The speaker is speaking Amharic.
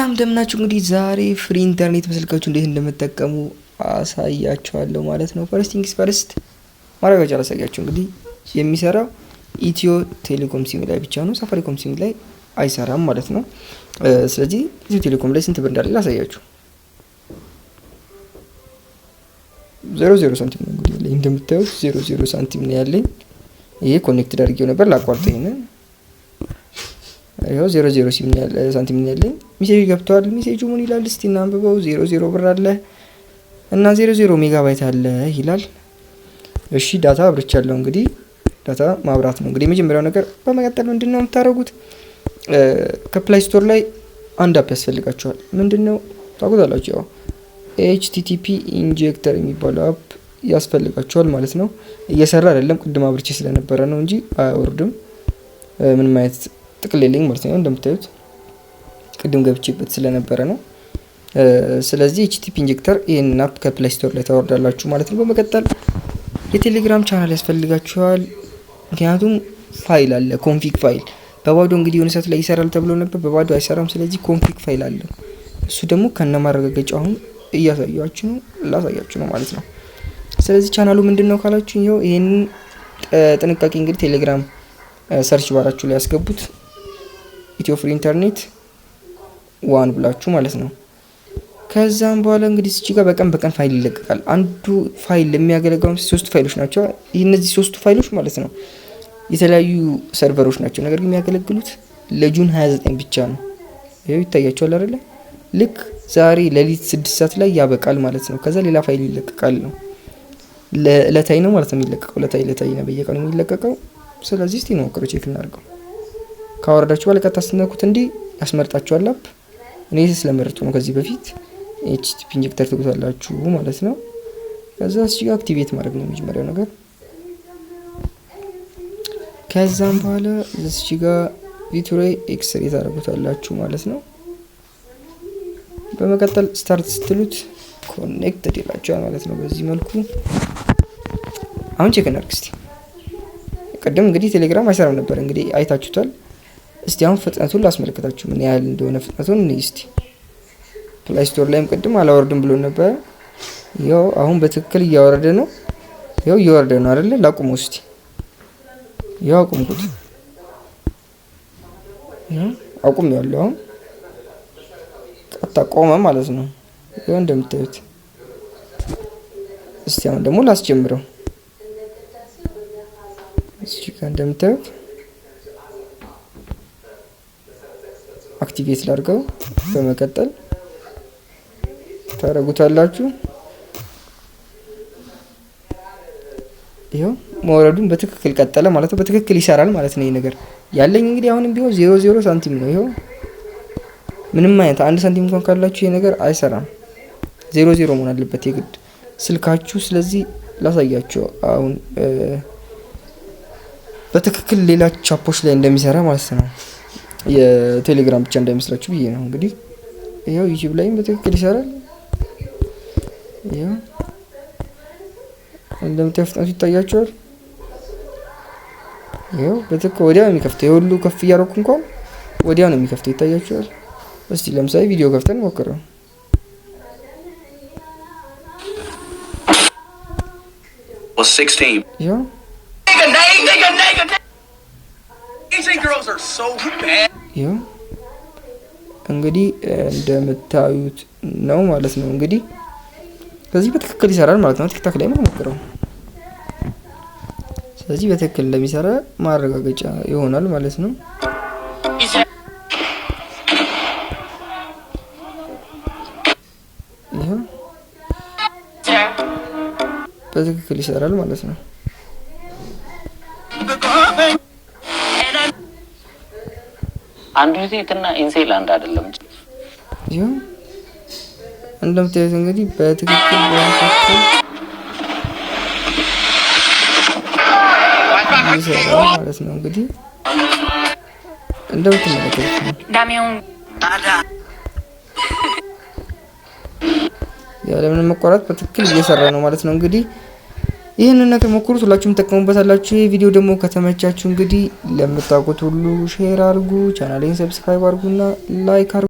ሰላም ደምናችሁ። እንግዲህ ዛሬ ፍሪ ኢንተርኔት በስልካችሁ እንዴት እንደምትጠቀሙ አሳያችኋለሁ ማለት ነው። ፈርስት ቲንግስ ፈርስት ማረጋጫ ላሳያችሁ። እንግዲህ የሚሰራው ኢትዮ ቴሌኮም ሲም ላይ ብቻ ነው። ሳፋሪኮም ሲም ላይ አይሰራም ማለት ነው። ስለዚህ ኢትዮ ቴሌኮም ላይ ስንት ብር እንዳለ ላሳያችሁ። ዜሮ ዜሮ ሳንቲም ነው እንግዲህ እንደምታዩት ዜሮ ዜሮ ሳንቲም ነው ያለኝ። ይሄ ኮኔክትድ አድርጌው ነበር ላቋርጠኝ ይኸው ዜሮ ዜሮ ሳንቲም ያለኝ ሚሴጅ ገብተዋል። ሚሴጁ ምን ይላል እስቲ እናንብበው። ዜሮ ዜሮ ብር አለ እና ዜሮ ዜሮ ሜጋባይት አለ ይላል። እሺ ዳታ አብርቻ እንግዲህ ዳታ ማብራት ነው እንግዲህ የመጀመሪያው ነገር። በመቀጠል ምንድን ነው የምታደርጉት? ከፕላይ ስቶር ላይ አንድ አፕ ያስፈልጋቸዋል። ምንድን ነው ታውቁታላችሁ? ያው ኤችቲቲፒ ኢንጀክተር የሚባለው አፕ ያስፈልጋቸዋል ማለት ነው። እየሰራ አይደለም ቅድም አብርቼ ስለነበረ ነው እንጂ አያወርድም ምንም አይነት ጥቅልልኝ ማለት ነው። እንደምታዩት ቅድም ገብቼበት ስለነበረ ነው። ስለዚህ ኤችቲፒ ኢንጀክተር ይህንን አፕ ከፕላይ ስቶር ላይ ታወርዳላችሁ ማለት ነው። በመቀጠል የቴሌግራም ቻናል ያስፈልጋችኋል። ምክንያቱም ፋይል አለ፣ ኮንፊግ ፋይል በባዶ እንግዲህ የሆነ ሰዓት ላይ ይሰራል ተብሎ ነበር፣ በባዶ አይሰራም። ስለዚህ ኮንፊግ ፋይል አለ። እሱ ደግሞ ከነ ማረጋገጫ አሁን እያሳያችሁ ነው፣ ላሳያችሁ ነው ማለት ነው። ስለዚህ ቻናሉ ምንድን ነው ካላችሁ፣ ይኸው ይህንን ጥንቃቄ እንግዲህ ቴሌግራም ሰርች ባራችሁ ላይ ያስገቡት። ኢትዮ ፍሪ ኢንተርኔት ዋን ብላችሁ ማለት ነው። ከዛም በኋላ እንግዲህ እዚህ ጋር በቀን በቀን ፋይል ይለቀቃል። አንዱ ፋይል የሚያገለግለው ሶስት ፋይሎች ናቸው። እነዚህ ሶስቱ ፋይሎች ማለት ነው የተለያዩ ሰርቨሮች ናቸው። ነገር ግን የሚያገለግሉት ለጁን 29 ብቻ ነው። ይኸው ይታያቸዋል አይደለ? ልክ ዛሬ ሌሊት ስድስት ሰዓት ላይ ያበቃል ማለት ነው። ከዛ ሌላ ፋይል ይለቀቃል ነው ለእለታይ ነው ማለት ነው የሚለቀቀው። ለታይ ለታይ ነው በየቀኑ የሚለቀቀው። ስለዚህ እስቲ ነው ቼክ እናድርገው። ካወረዳችሁ በኋላ ቀጥታ ስትነኩት እንዲህ ያስመርጣችኋል። አፕ እኔ ስለመረጡ ነው ከዚህ በፊት ኤችቲፒ ኢንጀክተር ትጉታላችሁ ማለት ነው። ከዛ እዚህ ጋር አክቲቬት ማድረግ ነው የመጀመሪያው ነገር። ከዛም በኋላ እዚህ ጋር ቪቱሬ ኤክስሬ ታደርጉታላችሁ ማለት ነው። በመቀጠል ስታርት ስትሉት ኮኔክትድ ይላችኋል ማለት ነው። በዚህ መልኩ አሁን ቼክ እናድርግ ቅድም እንግዲህ ቴሌግራም አይሰራም ነበር እንግዲህ አይታችሁታል። እስቲ አሁን ፍጥነቱን ላስመለከታችሁ ምን ያህል እንደሆነ ፍጥነቱን እንይ እስቲ። ፕላይ ስቶር ላይም ቅድም አላወርድም ብሎ ነበረ። ያው አሁን በትክክል እያወረደ ነው። ያው እያወረደ ነው አይደለ? ላቁሙ እስቲ። ያው አቁምኩት። አቁም ያለው አሁን ቀጥታ ቆመ ማለት ነው። ያው እንደምታዩት። እስቲ አሁን ደግሞ ላስጀምረው። እዚህ እንደምታዩት አክቲቬት ላድርገው። በመቀጠል ታደርጉታላችሁ። ይኸው መውረዱን በትክክል ቀጠለ ማለት ነው። በትክክል ይሰራል ማለት ነው። ይህ ነገር ያለኝ እንግዲህ አሁንም ቢሆን ዜሮ ዜሮ ሳንቲም ነው። ይኸው ምንም አይነት አንድ ሳንቲም እንኳን ካላችሁ ይሄ ነገር አይሰራም። ዜሮ ዜሮ መሆን አለበት የግድ ስልካችሁ። ስለዚህ ላሳያችሁ አሁን በትክክል ሌላ ቻፖች ላይ እንደሚሰራ ማለት ነው። የቴሌግራም ብቻ እንዳይመስላችሁ ብዬ ነው። እንግዲህ ይኸው ዩቲዩብ ላይም በትክክል ይሰራል። እንደምታ ፍጥነቱ ይታያቸዋል። ይኸው በትክክል ወዲያ ነው የሚከፍተው። የሁሉ ከፍ እያደረኩ እንኳን ወዲያ ነው የሚከፍተው፣ ይታያቸዋል። እስቲ ለምሳሌ ቪዲዮ ከፍተን ሞክረው። ይኸው ይኸው እንግዲህ እንደምታዩት ነው ማለት ነው። እንግዲህ ስለዚህ በትክክል ይሰራል ማለት ነው። ቲክታክ ላይ ሞክረው። ስለዚህ በትክክል እንደሚሰራ ማረጋገጫ ይሆናል ማለት ነው። በትክክል ይሰራል ማለት ነው። አንዱ ሴትና ኢንሴል አንድ አይደለም። እንደምታዩት እንግዲህ በትክክል ማለት ነው እንግዲህ እንደምትመለከቱት ያለምንም መቋረጥ በትክክል እየሰራ ነው ማለት ነው እንግዲህ ይህንን ነገር ሞክሩት፣ ሁላችሁም ትጠቀሙበታላችሁ። ይህ ቪዲዮ ደግሞ ከተመቻችሁ እንግዲህ ለምታውቁት ሁሉ ሼር አድርጉ፣ ቻናሌን ሰብስክራይብ አድርጉና ላይክ አድርጉ።